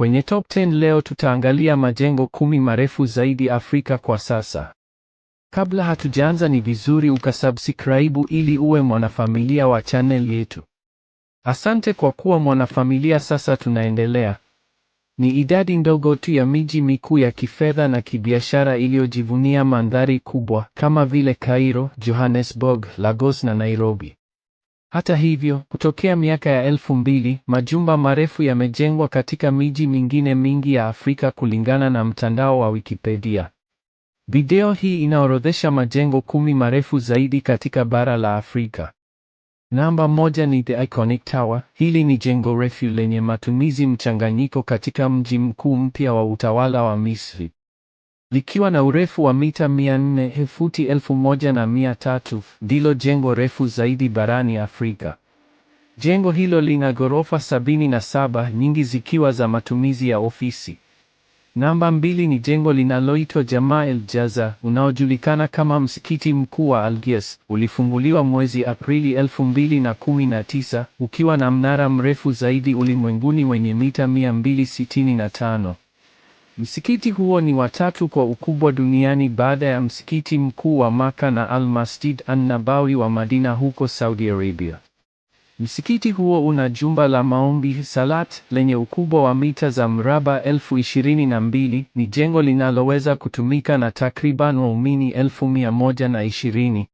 Kwenye top 10 leo tutaangalia majengo kumi marefu zaidi Afrika kwa sasa. Kabla hatujaanza ni vizuri ukasubscribe ili uwe mwanafamilia wa channel yetu. Asante kwa kuwa mwanafamilia. Sasa tunaendelea. Ni idadi ndogo tu ya miji mikuu ya kifedha na kibiashara iliyojivunia mandhari kubwa kama vile Cairo, Johannesburg, Lagos na Nairobi. Hata hivyo, kutokea miaka ya elfu mbili, majumba marefu yamejengwa katika miji mingine mingi ya Afrika kulingana na mtandao wa Wikipedia. Video hii inaorodhesha majengo kumi marefu zaidi katika bara la Afrika. Namba moja ni The Iconic Tower. Hili ni jengo refu lenye matumizi mchanganyiko katika mji mkuu mpya wa utawala wa Misri likiwa na urefu wa mita 400 futi 1300 ndilo jengo refu zaidi barani Afrika. Jengo hilo lina ghorofa 77, nyingi zikiwa za matumizi ya ofisi. Namba mbili ni jengo linaloitwa Jamaa El Jaza, unaojulikana kama msikiti mkuu wa Algiers, ulifunguliwa mwezi Aprili 2019, ukiwa na mnara mrefu zaidi ulimwenguni wenye mita 265. Msikiti huo ni watatu kwa ukubwa duniani baada ya msikiti mkuu wa Maka na Al-Masjid An-Nabawi wa Madina huko Saudi Arabia. Msikiti huo una jumba la maombi salat lenye ukubwa wa mita za mraba elfu ishirini na mbili. Ni jengo linaloweza kutumika na takriban waumini elfu mia moja na ishirini.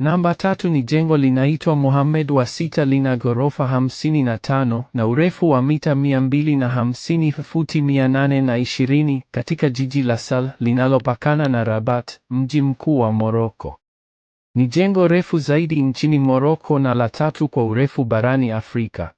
Namba tatu ni jengo linaitwa Mohammed wa sita lina ghorofa 55 na urefu wa mita 250 futi 820 katika jiji la Sal linalopakana na Rabat, mji mkuu wa Moroko. Ni jengo refu zaidi nchini Moroko na la tatu kwa urefu barani Afrika.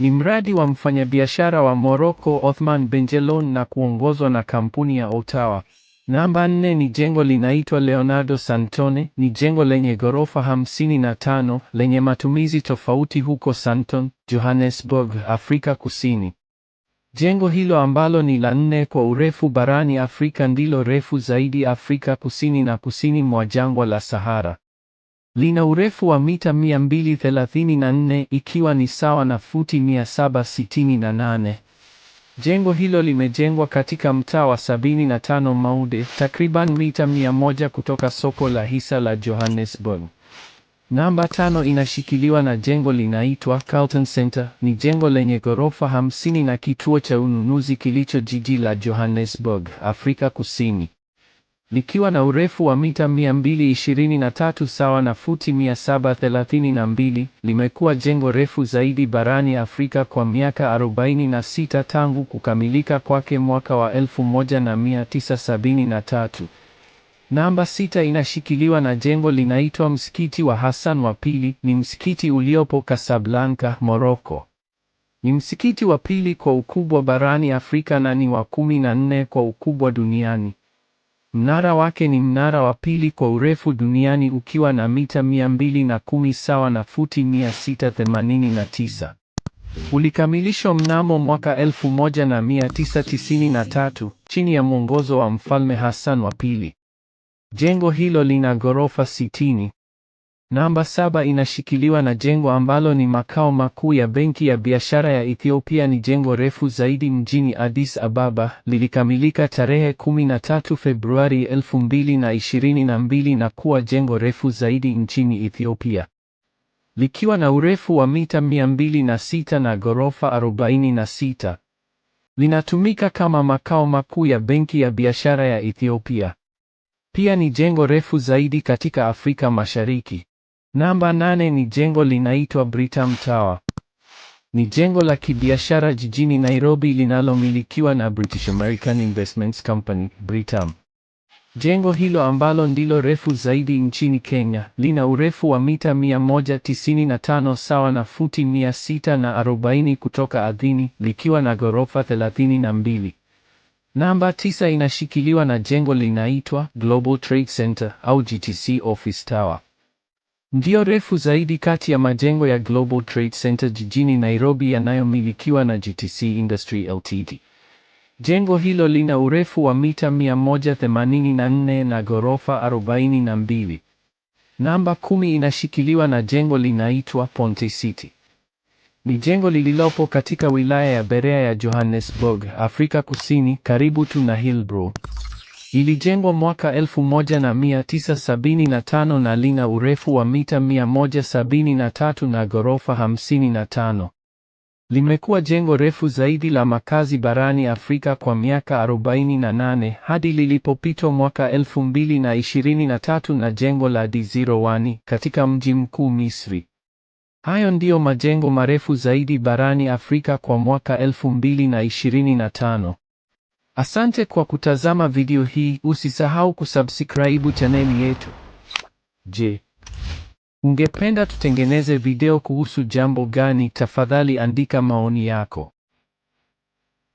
Ni mradi wa mfanyabiashara wa Moroko Othman Benjelloun na kuongozwa na kampuni ya Otawa. Namba nne ni jengo linaitwa Leonardo Santone, ni jengo lenye ghorofa hamsini na tano lenye matumizi tofauti huko santon Johannesburg, Afrika Kusini. Jengo hilo ambalo ni la nne kwa urefu barani Afrika ndilo refu zaidi Afrika Kusini na kusini mwa jangwa la Sahara. Lina urefu wa mita 234 ikiwa ni sawa na futi 768. Jengo hilo limejengwa katika mtaa wa 75 Maude, takriban mita 100 kutoka soko la hisa la Johannesburg. Namba tano inashikiliwa na jengo linaitwa Carlton Center, ni jengo lenye ghorofa hamsini na kituo cha ununuzi kilicho jiji la Johannesburg, Afrika Kusini likiwa na urefu wa mita 223 sawa na futi 732, limekuwa jengo refu zaidi barani Afrika kwa miaka 46 tangu kukamilika kwake mwaka wa 1973. Namba sita inashikiliwa na jengo linaitwa Msikiti wa Hassan wa Pili. Ni msikiti uliopo Casablanca, Morocco. Ni msikiti wa pili kwa ukubwa barani Afrika na ni wa 14 kwa ukubwa duniani. Mnara wake ni mnara wa pili kwa urefu duniani ukiwa na mita 210 sawa na futi 689. Ulikamilishwa mnamo mwaka 1993 chini ya mwongozo wa Mfalme Hassan wa Pili. Jengo hilo lina ghorofa 60 Namba saba inashikiliwa na jengo ambalo ni makao makuu ya benki ya biashara ya Ethiopia. Ni jengo refu zaidi mjini Addis Ababa, lilikamilika tarehe 13 Februari 2022 na kuwa jengo refu zaidi nchini Ethiopia, likiwa na urefu wa mita 206 na ghorofa 46. Linatumika kama makao makuu ya benki ya biashara ya Ethiopia. Pia ni jengo refu zaidi katika Afrika Mashariki. Namba nane ni jengo linaitwa Britam Tower. Ni jengo la kibiashara jijini Nairobi linalomilikiwa na British American Investments Company, Britam. Jengo hilo ambalo ndilo refu zaidi nchini Kenya, lina urefu wa mita 195 sawa na futi 640 kutoka ardhini, likiwa na ghorofa 32. Namba 9 inashikiliwa na jengo linaitwa Global Trade Center au GTC Office Tower. Ndio refu zaidi kati ya majengo ya Global Trade Center jijini Nairobi yanayomilikiwa na GTC Industry Ltd. Jengo hilo lina urefu wa mita 184 na ghorofa 42. Namba kumi inashikiliwa na jengo linaitwa Ponte City. Ni jengo lililopo katika wilaya ya Berea ya Johannesburg, Afrika Kusini, karibu tu na Hillbrow ilijengwa mwaka 1975 na lina urefu wa mita 173 na ghorofa 55. Limekuwa jengo refu zaidi la makazi barani Afrika kwa miaka 48 hadi lilipopitwa mwaka 2023 na jengo la D01 katika mji mkuu Misri. Hayo ndiyo majengo marefu zaidi barani Afrika kwa mwaka 2025. Asante kwa kutazama video hii, usisahau kusubscribe chaneli yetu. Je, ungependa tutengeneze video kuhusu jambo gani? Tafadhali andika maoni yako.